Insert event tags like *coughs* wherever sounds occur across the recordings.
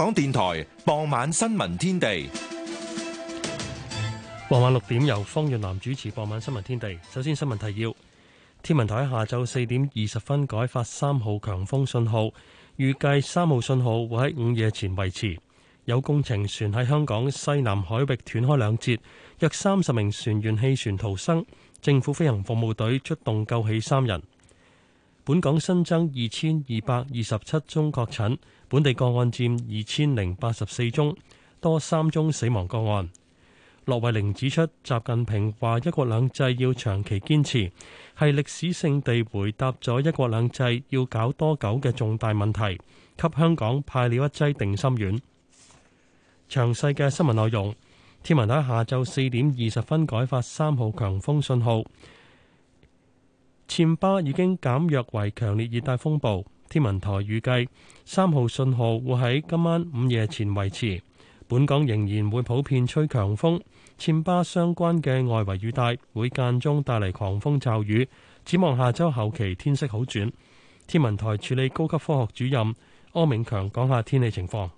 香港電台傍晚新聞天地，傍晚六點由方若南主持。傍晚新聞天地，首先新聞提要：天文台下晝四點二十分改發三號強風信號，預計三號信號會喺午夜前維持。有工程船喺香港西南海域斷開兩節，約三十名船員棄船逃生，政府飛行服務隊出動救起三人。本港新增二千二百二十七宗確診。本地個案佔二千零八十四宗，多三宗死亡個案。羅慧玲指出，習近平話一國兩制要長期堅持，係歷史性地回答咗一國兩制要搞多久嘅重大問題，給香港派了一劑定心丸。詳細嘅新聞內容，天文台下晝四點二十分改發三號強風信號，暹芭已經減弱為強烈熱帶風暴。天文台預計三號信號會喺今晚午夜前維持，本港仍然會普遍吹強風，暹芭相關嘅外圍雨帶會間中帶嚟狂風驟雨。展望下周後期天色好轉，天文台處理高級科學主任柯明強講下天氣情況。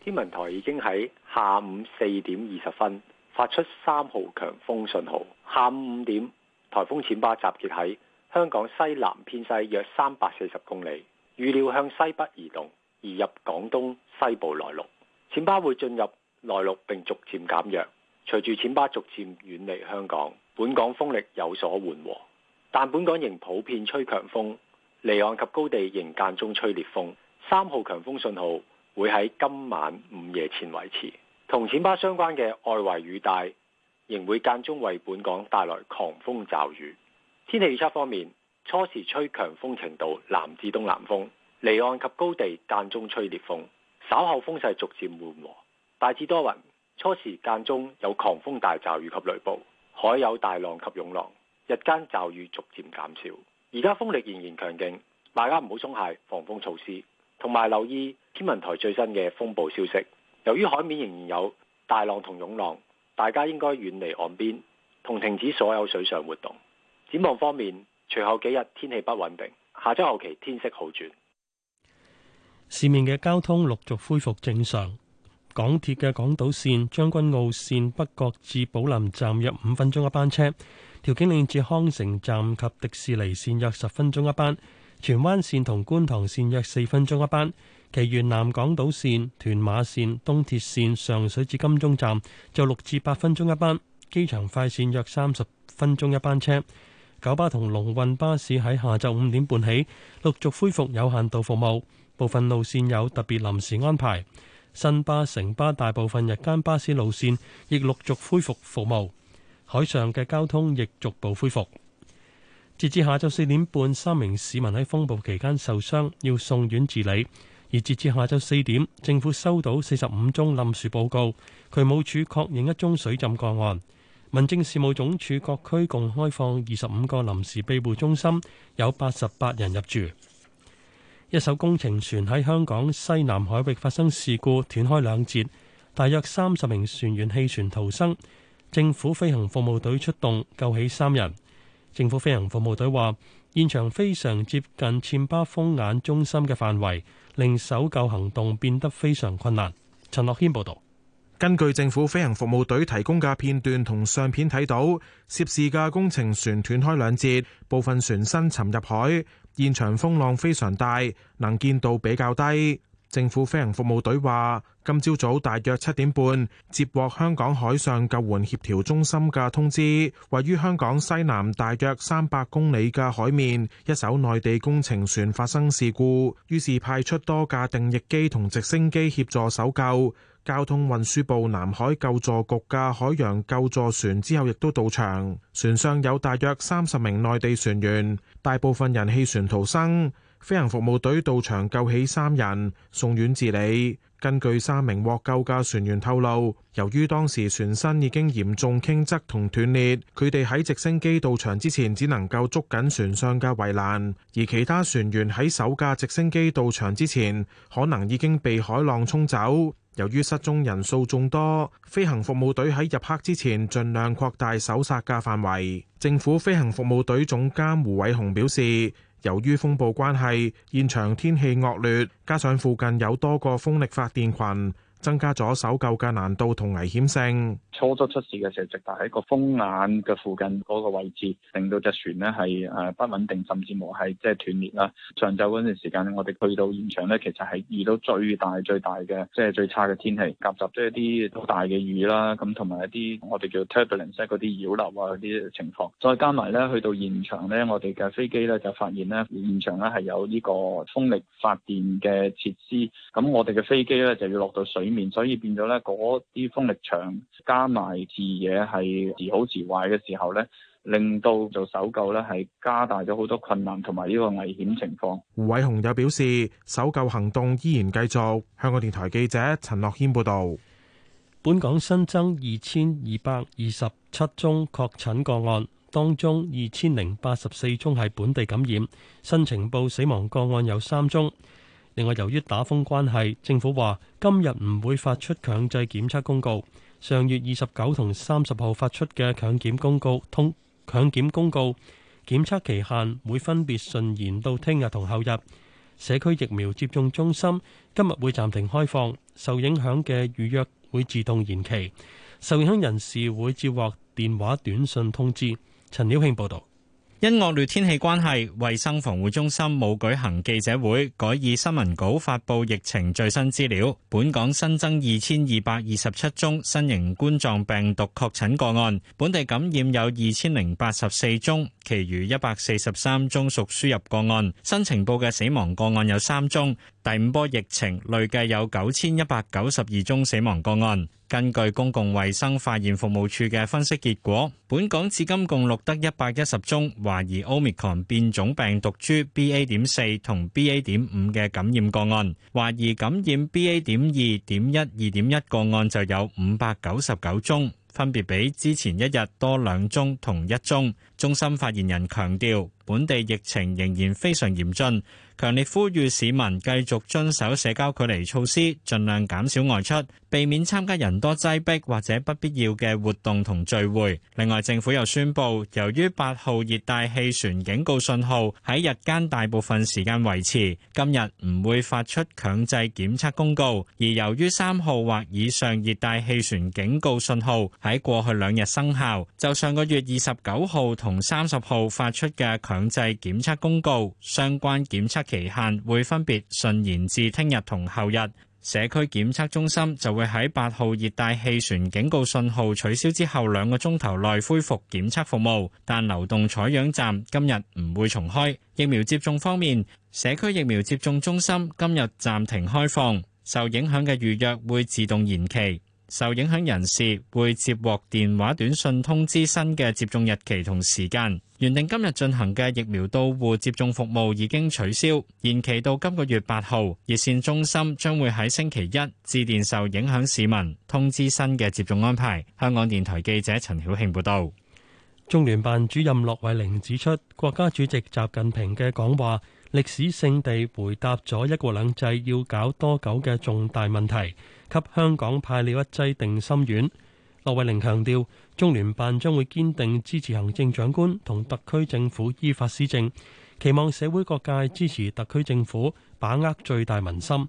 天文台已經喺下午四點二十分發出三號強風信號，下午五點颱風暹芭集結喺香港西南偏西約三百四十公里，預料向西北移動，移入廣東西部內陸。暹芭會進入內陸並逐漸減弱，隨住暹芭逐漸遠離香港，本港風力有所緩和，但本港仍普遍吹強風，離岸及高地仍間中吹烈風。三號強風信號會喺今晚午夜前維持。同暹芭相關嘅外圍雨帶，仍會間中為本港帶來狂風驟雨。天氣預測方面，初時吹強風程度南至東南風，離岸及高地間中吹烈風。稍後風勢逐漸緩和，大致多雲。初時間中有狂風大驟雨及雷暴，海有大浪及湧浪。日間驟雨逐漸減少。而家風力仍然強勁，大家唔好鬆懈防風措施，同埋留意天文台最新嘅風暴消息。由於海面仍然有大浪同湧浪，大家應該遠離岸邊同停止所有水上活動。展望方面，隨後幾日天氣不穩定，下週後期天色好轉。市面嘅交通陸續恢復正常，港鐵嘅港島線、將軍澳線、北角至寶林站約五分鐘一班車，調景嶺至康城站及迪士尼線約十分鐘一班，荃灣線同觀塘線約四分鐘一班，其餘南港島線、屯馬線、東鐵線上水至金鐘站就六至八分鐘一班，機場快線約三十分鐘一班車。九巴同龍運巴士喺下晝五點半起陸續恢復有限度服務，部分路綫有特別臨時安排。新巴、城巴大部分日間巴士路綫亦陸續恢復服務，海上嘅交通亦逐步恢復。截至下晝四點半，三名市民喺風暴期間受傷，要送院治理。而截至下晝四點，政府收到四十五宗冧樹報告，渠務署確認一宗水浸個案。民政事務總署各區共開放二十五個臨時庇護中心，有八十八人入住。一艘工程船喺香港西南海域發生事故，斷開兩截，大約三十名船員棄船逃生。政府飛行服務隊出動救起三人。政府飛行服務隊話，現場非常接近淺巴風眼中心嘅範圍，令搜救行動變得非常困難。陳樂謙報道。根據政府飛行服務隊提供嘅片段同相片睇到，涉事嘅工程船斷開兩截，部分船身沉入海。現場風浪非常大，能見度比較低。政府飛行服務隊話，今朝早大約七點半，接獲香港海上救援協調中心嘅通知，位於香港西南大約三百公里嘅海面，一艘內地工程船發生事故，於是派出多架定翼機同直升機協助搜救。交通運輸部南海救助局嘅海洋救助船之後亦都到場，船上有大約三十名內地船員，大部分人棄船逃生，飛行服務隊到場救起三人，送院治理。根據三名獲救嘅船員透露，由於當時船身已經嚴重傾側同斷裂，佢哋喺直升機到場之前只能夠捉緊船上嘅圍欄，而其他船員喺首架直升機到場之前，可能已經被海浪沖走。由於失蹤人數眾多，飛行服務隊喺入黑之前盡量擴大搜索嘅範圍。政府飛行服務隊總監胡偉雄表示，由於風暴關係，現場天氣惡劣，加上附近有多個風力發電群。增加咗搜救嘅難度同危險性。初初出事嘅時候，直達喺個風眼嘅附近嗰個位置，令到隻船咧係誒不穩定，甚至乎係即係斷裂啦。上晝嗰段時間咧，我哋去到現場咧，其實係遇到最大最大嘅即係最差嘅天氣夾雜咗一啲好大嘅雨啦，咁同埋一啲我哋叫 turbulence 嗰啲擾流啊啲情況再加埋咧，去到現場咧，我哋嘅飛機咧就發現咧，現場咧係有呢個風力發電嘅設施，咁我哋嘅飛機咧就要落到水。所以變咗呢嗰啲風力強，加埋視野係時好時壞嘅時候呢，令到做搜救呢，係加大咗好多困難同埋呢個危險情況。胡偉雄又表示，搜救行動依然繼續。香港電台記者陳樂軒報導。本港新增二千二百二十七宗確診個案，當中二千零八十四宗係本地感染。新呈報死亡個案有三宗。另外，由於打風關係，政府話今日唔會發出強制檢測公告。上月二十九同三十號發出嘅強檢公告通強檢公告，檢測期限會分別順延到聽日同後日。社區疫苗接種中心今日會暫停開放，受影響嘅預約會自動延期，受影響人士會接獲電話短信通知。陳曉慶報導。因惡劣天氣關係，衛生防護中心冇舉行記者會，改以新聞稿發布疫情最新資料。本港新增二千二百二十七宗新型冠狀病毒確診個案，本地感染有二千零八十四宗，其餘一百四十三宗屬輸入個案。新情報嘅死亡個案有三宗。第五波疫情，累計有9192宗死亡個案。根據公共衛生化驗服務處嘅分析結果，本港至今共錄得110宗，懷疑 Omicron 變種病毒株 BA.4 同 BA.5 嘅感染個案。懷疑感染 BA.2.1 2.1個案就有599宗，分別比之前一日多兩強烈呼籲市民繼續遵守社交距離措施，盡量減少外出，避免參加人多擠逼或者不必要嘅活動同聚會。另外，政府又宣布，由於八號熱帶氣旋警告信號喺日間大部分時間維持，今日唔會發出強制檢測公告。而由於三號或以上熱帶氣旋警告信號喺過去兩日生效，就上個月二十九號同三十號發出嘅強制檢測公告，相關檢測期限會分別順延至聽日同後日，社區檢測中心就會喺八號熱帶氣旋警告信號取消之後兩個鐘頭內恢復檢測服務，但流動採樣站今日唔會重開。疫苗接種方面，社區疫苗接種中心今日暫停開放，受影響嘅預約會自動延期。受影響人士會接獲電話、短信通知新嘅接種日期同時間。原定今日進行嘅疫苗到戶接種服務已經取消，延期到今個月八號。熱線中心將會喺星期一致電受影響市民，通知新嘅接種安排。香港電台記者陳曉慶報道。中聯辦主任駱惠寧指出，國家主席習近平嘅講話，歷史性地回答咗一國兩制要搞多久嘅重大問題，給香港派了一劑定心丸。駱惠寧強調，中聯辦將會堅定支持行政長官同特區政府依法施政，期望社會各界支持特區政府把握最大民心。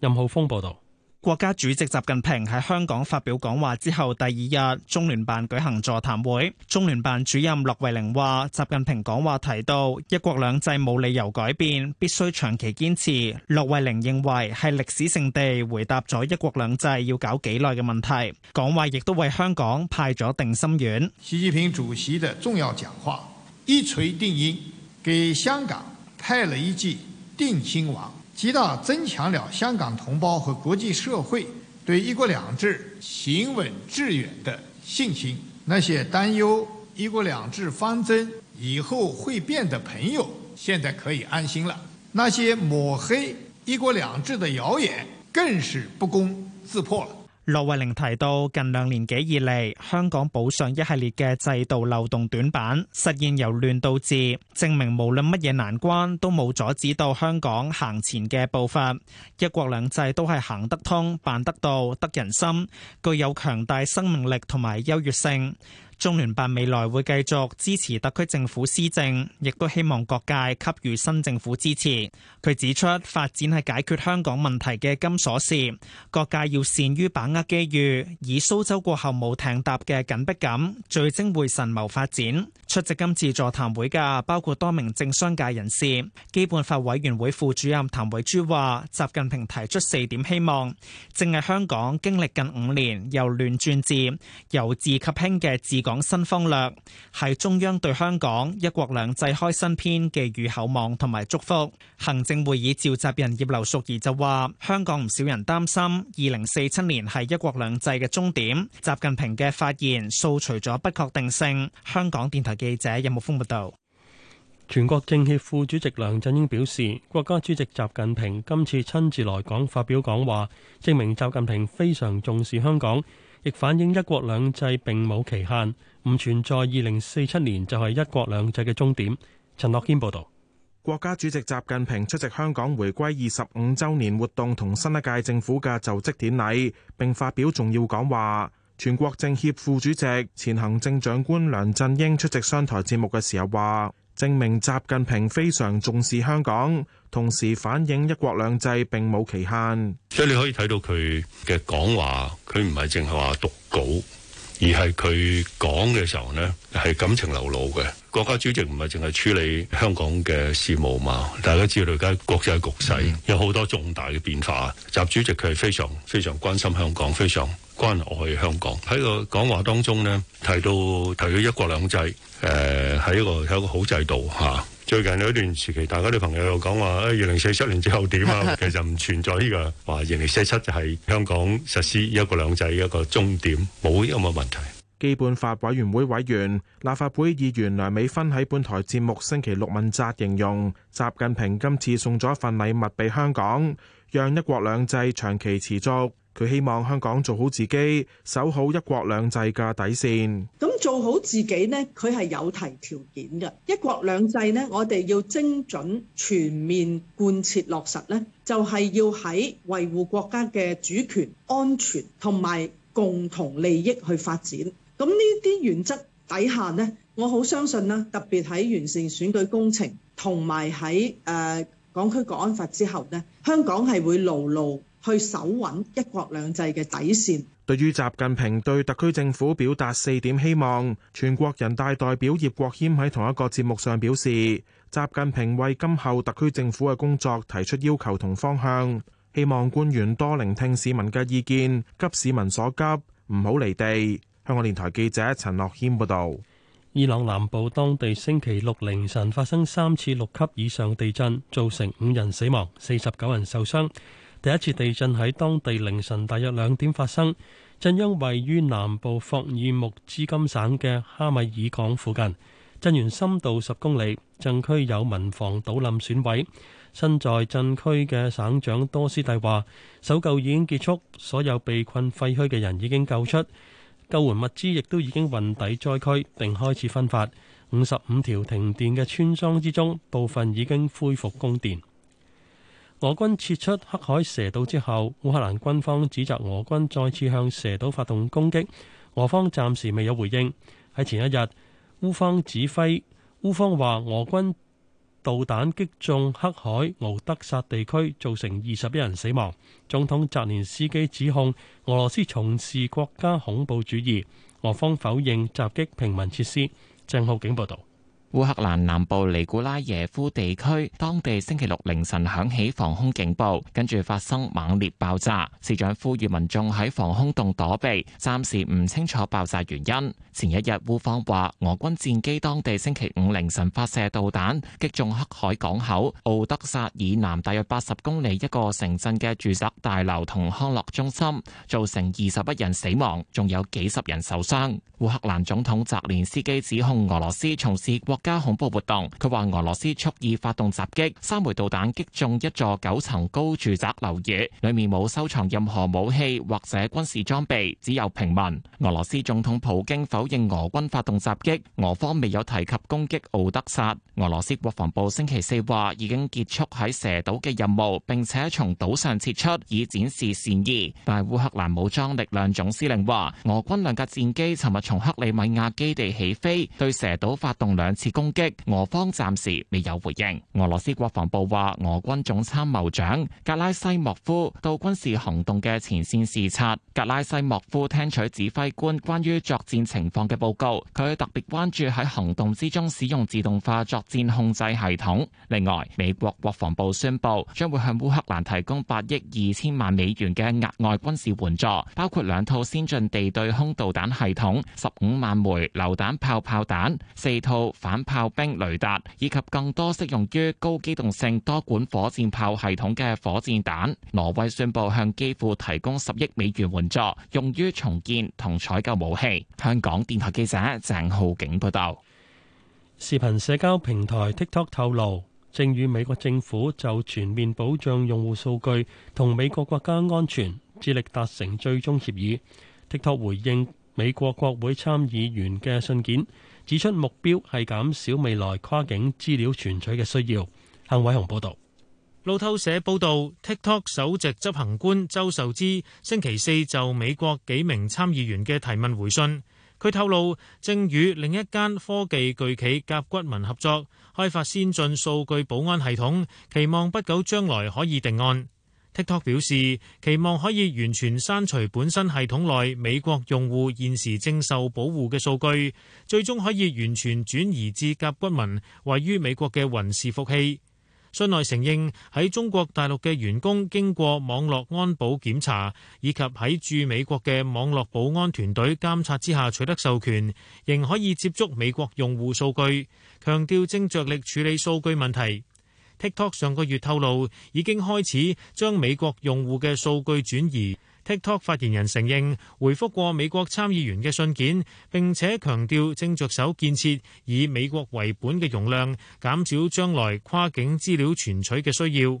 任浩峰報導。國家主席習近平喺香港發表講話之後，第二日中聯辦舉行座談會。中聯辦主任駱惠寧話，習近平講話提到一國兩制冇理由改變，必須長期堅持。駱惠寧認為係歷史性地回答咗一國兩制要搞幾耐嘅問題。講話亦都為香港派咗定心丸。習近平主席的重要講話一錘定音，給香港派了一句定心丸。極大增強了香港同胞和國際社會對一國兩制行穩致遠的信心。那些擔憂一國兩制方針以後會變的朋友，現在可以安心了。那些抹黑一國兩制的謠言，更是不攻自破了。駱惠寧提到，近兩年幾以嚟，香港補上一系列嘅制度漏洞短板，實現由亂到治，證明無論乜嘢難關都冇阻止到香港行前嘅步伐。一國兩制都係行得通、辦得到、得人心，具有強大生命力同埋優越性。中聯辦未來會繼續支持特區政府施政，亦都希望各界給予新政府支持。佢指出，發展係解決香港問題嘅金鎖匙，各界要善於把握機遇，以蘇州過後冇艇搭嘅緊迫感，聚精會神謀發展。出席今次座談會嘅包括多名政商界人士。基本法委員會副主任譚惠珠話：習近平提出四點希望，正係香港經歷近五年由亂轉治、由治及興嘅治港。講新方略，係中央對香港一國兩制開新篇寄予厚望同埋祝福。行政會議召集人葉劉淑儀就話：香港唔少人擔心二零四七年係一國兩制嘅終點。習近平嘅發言掃除咗不確定性。香港電台記者任木峰報道。全國政協副主席梁振英表示，國家主席習近平今次親自來港發表講話，證明習近平非常重視香港。亦反映一國兩制並冇期限，唔存在二零四七年就係一國兩制嘅終點，陳樂謙報道。國家主席習近平出席香港回歸二十五週年活動同新一屆政府嘅就職典禮，並發表重要講話，全國政協副主席、前行政長官梁振英出席商台節目嘅時候話。證明習近平非常重視香港，同時反映一國兩制並冇期限。所以你可以睇到佢嘅講話，佢唔係淨係話讀稿，而係佢講嘅時候呢係感情流露嘅。國家主席唔係淨係處理香港嘅事務嘛？大家知道而家國際局勢有好多重大嘅變化，習主席佢係非常非常關心香港，非常。關我去香港喺個講話當中呢，提到提到一國兩制，誒喺一個喺一個好制度吓。最近有一段時期，大家啲朋友又講話二零四七年之後點啊，其實唔存在呢個話二零四七就係香港實施一國兩制一個終點，冇有冇問題？基本法委員會委員、立法會議員梁美芬喺本台節目星期六問責，形容習近平今次送咗一份禮物俾香港，讓一國兩制長期持續。佢希望香港做好自己，守好一國兩制嘅底線。咁做好自己呢，佢係有提條件嘅。一國兩制呢，我哋要精準全面貫徹落實呢，就係要喺維護國家嘅主權、安全同埋共同利益去發展。咁呢啲原則底下呢，我好相信啦，特別喺完善選舉工程同埋喺誒港區國安法之後呢，香港係會牢牢。去守穩一國兩制嘅底線。對於習近平對特區政府表達四點希望，全國人大代表葉國謙喺同一個節目上表示，習近平為今後特區政府嘅工作提出要求同方向，希望官員多聆聽市民嘅意見，急市民所急，唔好離地。香港電台記者陳樂謙報導。伊朗南部當地星期六凌晨發生三次六級以上地震，造成五人死亡，四十九人受傷。第一次地震喺當地凌晨大約兩點發生，震央位於南部霍爾木茲金省嘅哈米爾港附近，震源深度十公里，震區有民房倒冧損毀。身在震區嘅省長多斯蒂話：搜救已經結束，所有被困廢墟嘅人已經救出，救援物資亦都已經運抵災區，並開始分發。五十五條停電嘅村莊之中，部分已經恢復供電。俄軍撤出黑海蛇島之後，烏克蘭軍方指責俄軍再次向蛇島發動攻擊，俄方暫時未有回應。喺前一日，烏方指揮烏方話俄軍導彈擊中黑海敖德薩地區，造成二十一人死亡。總統澤連斯基指控俄羅斯從事國家恐怖主義，俄方否認襲擊平民設施。鄭浩景報道。烏克蘭南部尼古拉耶夫地區，當地星期六凌晨響起防空警報，跟住發生猛烈爆炸。市長呼籲民眾喺防空洞躲避，暫時唔清楚爆炸原因。前一日烏方話，俄軍戰機當地星期五凌晨發射導彈，擊中黑海港口敖德薩以南大約八十公里一個城鎮嘅住宅大樓同康樂中心，造成二十一人死亡，仲有幾十人受傷。烏克蘭總統澤連斯基指控俄羅斯從事國加恐怖活動，佢話俄羅斯蓄意發動襲擊，三枚導彈擊中一座九層高住宅樓宇，裡面冇收藏任何武器或者軍事裝備，只有平民。俄羅斯總統普京否認俄軍發動襲擊，俄方未有提及攻擊奧德薩。俄羅斯國防部星期四話已經結束喺蛇島嘅任務，並且從島上撤出，以展示善意。但烏克蘭武裝力量總司令話，俄軍兩架戰機尋日從克里米亞基地起飛，對蛇島發動兩次。攻擊，俄方暫時未有回應。俄羅斯國防部話，俄軍總參謀長格拉西莫夫到軍事行動嘅前線視察。格拉西莫夫聽取指揮官關於作戰情況嘅報告，佢特別關注喺行動之中使用自動化作戰控制系統。另外，美國國防部宣布將會向烏克蘭提供八億二千萬美元嘅額外軍事援助，包括兩套先進地對空導彈系統、十五萬枚榴彈炮炮彈、四套反。炮兵雷達以及更多適用於高機動性多管火箭炮系統嘅火箭彈。挪威宣布向基輔提供十億美元援助，用於重建同採購武器。香港電台記者鄭浩景報道。視頻社交平台 TikTok 透露，正與美國政府就全面保障用戶數據同美國國家安全，致力達成最終協議。TikTok 回應美國國會參議員嘅信件。指出目標係減少未來跨境資料存取嘅需要。向偉雄報道。路透社報道，TikTok 首席執行官周受之星期四就美國幾名參議員嘅提問回信，佢透露正與另一間科技巨企甲骨文合作，開發先進數據保安系統，期望不久將來可以定案。TikTok 表示期望可以完全刪除本身系統內美國用戶現時正受保護嘅數據，最終可以完全轉移至甲骨文位於美國嘅雲伺服器。信內承認喺中國大陸嘅員工經過網絡安保檢查，以及喺駐美國嘅網絡保安團隊監察之下取得授權，仍可以接觸美國用戶數據。強調正着力處理數據問題。TikTok 上個月透露已經開始將美國用戶嘅數據轉移。TikTok 發言人承認回覆過美國參議員嘅信件，並且強調正着手建設以美國為本嘅容量，減少將來跨境資料存取嘅需要。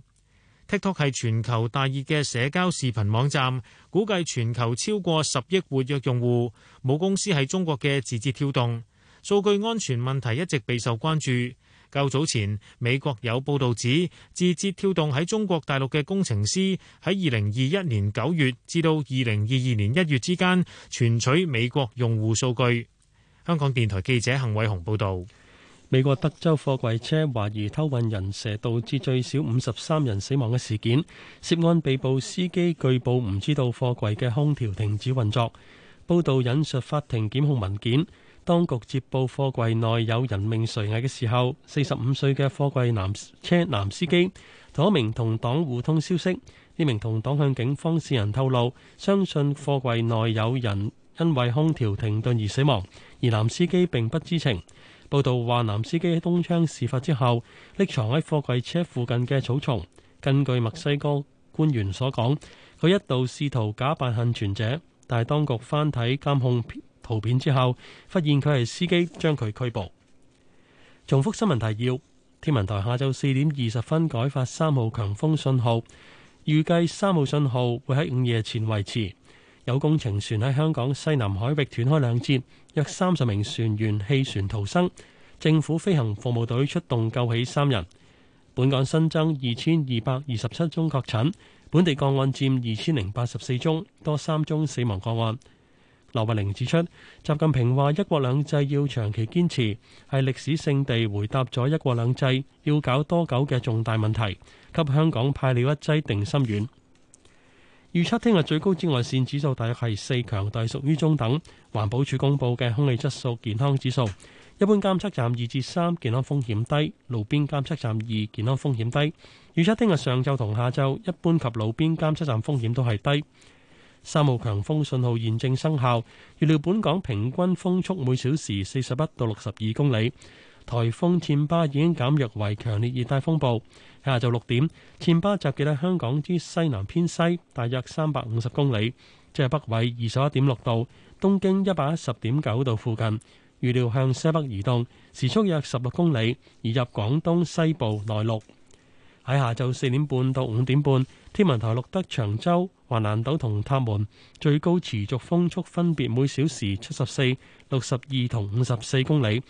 TikTok 係全球大熱嘅社交視頻網站，估計全球超過十億活躍用戶。母公司喺中國嘅字節跳動，數據安全問題一直備受關注。較早前，美國有報道指，字節跳動喺中國大陸嘅工程師喺二零二一年九月至到二零二二年一月之間，存取美國用戶數據。香港電台記者幸偉雄報道。美國德州貨櫃車懷疑偷運人蛇，導致最少五十三人死亡嘅事件，涉案被捕司機據報唔知道貨櫃嘅空調停止運作。報道引述法庭檢控文件。當局接報貨櫃內有人命垂危嘅時候，四十五歲嘅貨櫃男車男司機同一名同黨互通消息。呢名同黨向警方四人透露，相信貨櫃內有人因為空調停頓而死亡，而男司機並不知情。報道話，男司機喺東窗事發之後，匿藏喺貨櫃車附近嘅草叢。根據墨西哥官員所講，佢一度試圖假扮幸存者，但係當局翻睇監控圖片之後發現佢係司機，將佢拘捕。重複新聞提要：天文台下晝四點二十分改發三號強風信號，預計三號信號會喺午夜前維持。有工程船喺香港西南海域斷開兩節，約三十名船員棄船逃生，政府飛行服務隊出動救起三人。本港新增二千二百二十七宗確診，本地個案佔二千零八十四宗，多三宗死亡個案。劉慧玲指出，習近平話一國兩制要長期堅持，係歷史性地回答咗一國兩制要搞多久嘅重大問題，給香港派了一劑定心丸。預測聽日最高紫外線指數大約係四，強度屬於中等。環保署公布嘅空氣質素健康指數，一般監測站二至三，健康風險低；路邊監測站二，健康風險低。預測聽日上晝同下晝，一般及路邊監測站風險都係低。三號強風信號現正生效，預料本港平均風速每小時四十一到六十二公里。颱風暹巴已經減弱為強烈熱帶風暴。下晝六點，暹巴集結喺香港之西南偏西，大約三百五十公里，即係北緯二十一點六度，東經一百一十點九度附近。預料向西北移動，時速約十六公里，移入廣東西部內陸。喺下晝四點半到五點半，天文台錄得長洲、橫瀾島同塔門最高持續風速分別每小時七十四、六十二同五十四公里，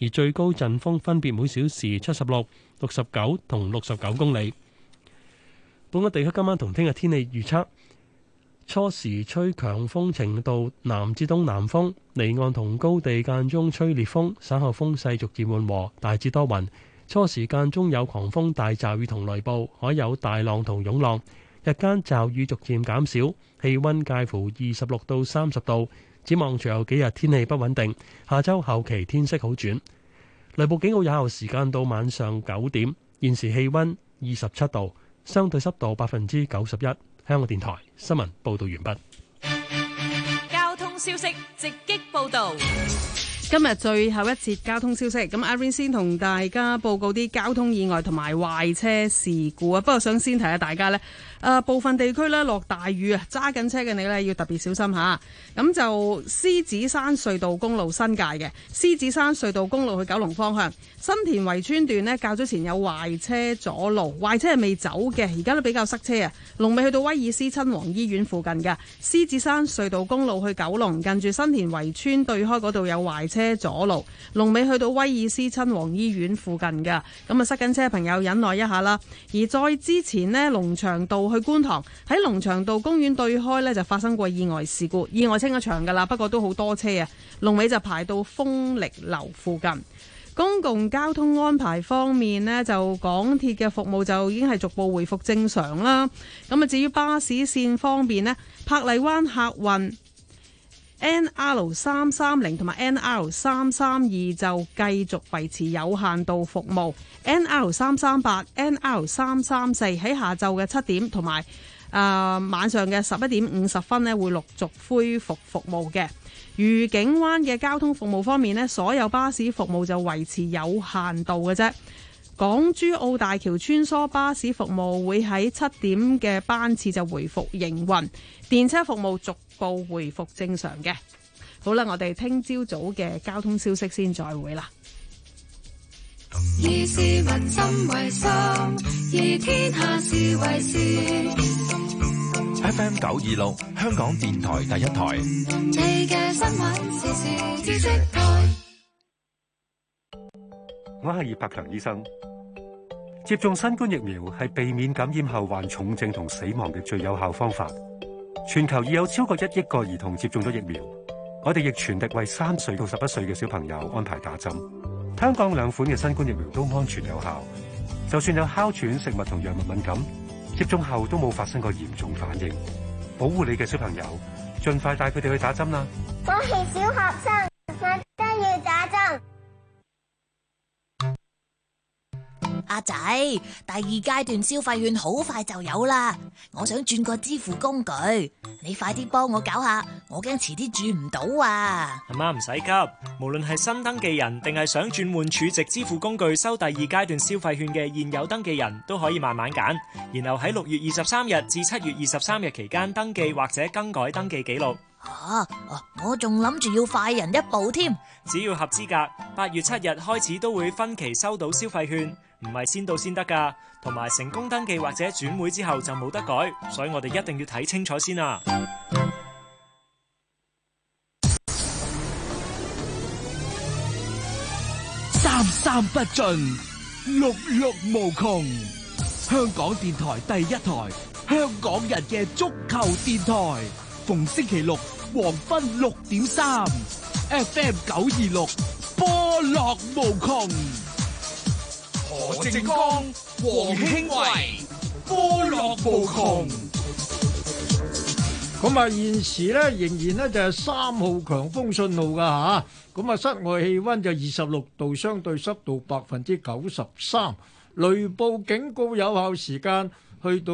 而最高陣風分別每小時七十六、六十九同六十九公里。本港地區今晚同聽日天氣預測：初時吹強風程度南至東南風，離岸同高地間中吹烈風，稍後風勢逐漸緩和，大致多雲。初時間中有狂風大驟雨同雷暴，海有大浪同湧浪。日間驟雨逐漸減，減少，氣温介乎二十六到三十度。展望隨後幾日天氣不穩定，下周後期天色好轉。雷暴警告有效時間到晚上九點。現時氣温二十七度，相對濕度百分之九十一。香港電台新聞報導完畢。交通消息直擊報導。今日最後一節交通消息，咁阿 Vin 先同大家報告啲交通意外同埋壞車事故啊！不過想先提下大家呢。誒、呃、部分地區咧落大雨啊！揸緊車嘅你咧要特別小心嚇。咁就獅子山隧道公路，新界嘅獅子山隧道公路去九龍方向，新田圍村段呢，較早前有壞車阻路，壞車係未走嘅，而家都比較塞車啊。龍尾去到威爾斯親王醫院附近嘅獅子山隧道公路去九龍，近住新田圍村對開嗰度有壞車阻路，龍尾去到威爾斯親王醫院附近嘅。咁啊塞緊車嘅朋友忍耐一下啦。而再之前呢，龍翔道。去觀塘喺龍翔道公園對開呢，就發生過意外事故，意外清咗場噶啦，不過都好多車啊，龍尾就排到豐力樓附近。公共交通安排方面呢，就港鐵嘅服務就已經係逐步回復正常啦。咁啊，至於巴士線方面呢，珀麗灣客運。N L 三三零同埋 N L 三三二就繼續維持有限度服務，N L 三三八、N L 三三四喺下晝嘅七點同埋誒晚上嘅十一點五十分咧，會陸續恢復服務嘅。御景灣嘅交通服務方面咧，所有巴士服務就維持有限度嘅啫。港珠澳大橋穿梭巴士服務會喺七點嘅班次就回復營運，電車服務逐步回復正常嘅。好啦，我哋聽朝早嘅交通消息先，再會啦。以事物心為心，以天下事為事。F M 九二六，香港電台第一台。你嘅新聞時事知識台。我係葉柏強醫生。接種新冠疫苗係避免感染後患重症同死亡嘅最有效方法。全球已有超過一億個兒童接種咗疫苗，我哋亦全力為三歲到十一歲嘅小朋友安排打針。香港兩款嘅新冠疫苗都安全有效，就算有哮喘、食物同藥物敏感，接種後都冇發生過嚴重反應。保護你嘅小朋友，盡快帶佢哋去打針啦！我係小學生。阿仔，第二階段消費券好快就有啦。我想轉個支付工具，你快啲幫我搞下，我驚遲啲轉唔到啊。阿媽唔使急，無論係新登記人定係想轉換儲值支付工具收第二階段消費券嘅現有登記人都可以慢慢揀，然後喺六月二十三日至七月二十三日期間登記或者更改登記記錄。吓，我仲諗住要快人一步添。只要合資格，八月七日開始都會分期收到消費券。唔係先到先得噶，同埋成功登記或者轉會之後就冇得改，所以我哋一定要睇清楚先啊！三三不盡，六六無窮。香港電台第一台，香港人嘅足球電台，逢星期六黃昏六點三，FM 九二六，波落無窮。何正光、黃興偉、歡樂富雄，咁啊，現時呢仍然呢就係三號強風信號噶吓，咁啊，室外氣溫就二十六度，相對濕度百分之九十三，雷暴警告有效時間去到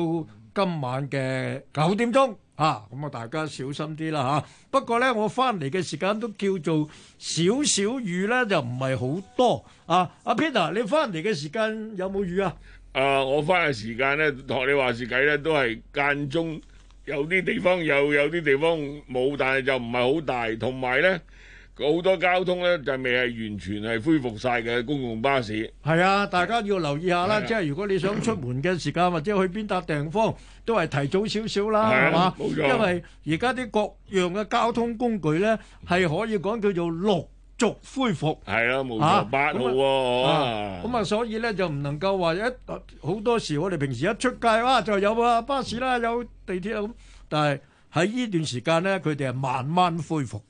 今晚嘅九點鐘。啊，咁啊，大家小心啲啦吓。不過咧，我翻嚟嘅時間都叫做少少雨咧，就唔係好多啊。阿、啊、Peter，你翻嚟嘅時間有冇雨啊？啊、呃，我翻嘅時間咧，同你話事計咧，都係間中有啲地方有，有啲地方冇，但係就唔係好大，同埋咧。好多交通咧就未係完全係恢復晒嘅公共巴士。係啊，大家要留意下啦，啊、即係如果你想出門嘅時間 *coughs* 或者去邊笪地方，都係提早少少啦，係嘛、啊？冇錯。因為而家啲各樣嘅交通工具咧，係可以講叫做陸續恢復。係啊，冇錯，啊、八號喎。咁啊，所以咧就唔能夠話一好多時，我哋平時一出街啊，就有啊巴士啦，有地鐵啊咁。但係喺呢段時間咧，佢哋係慢慢恢復。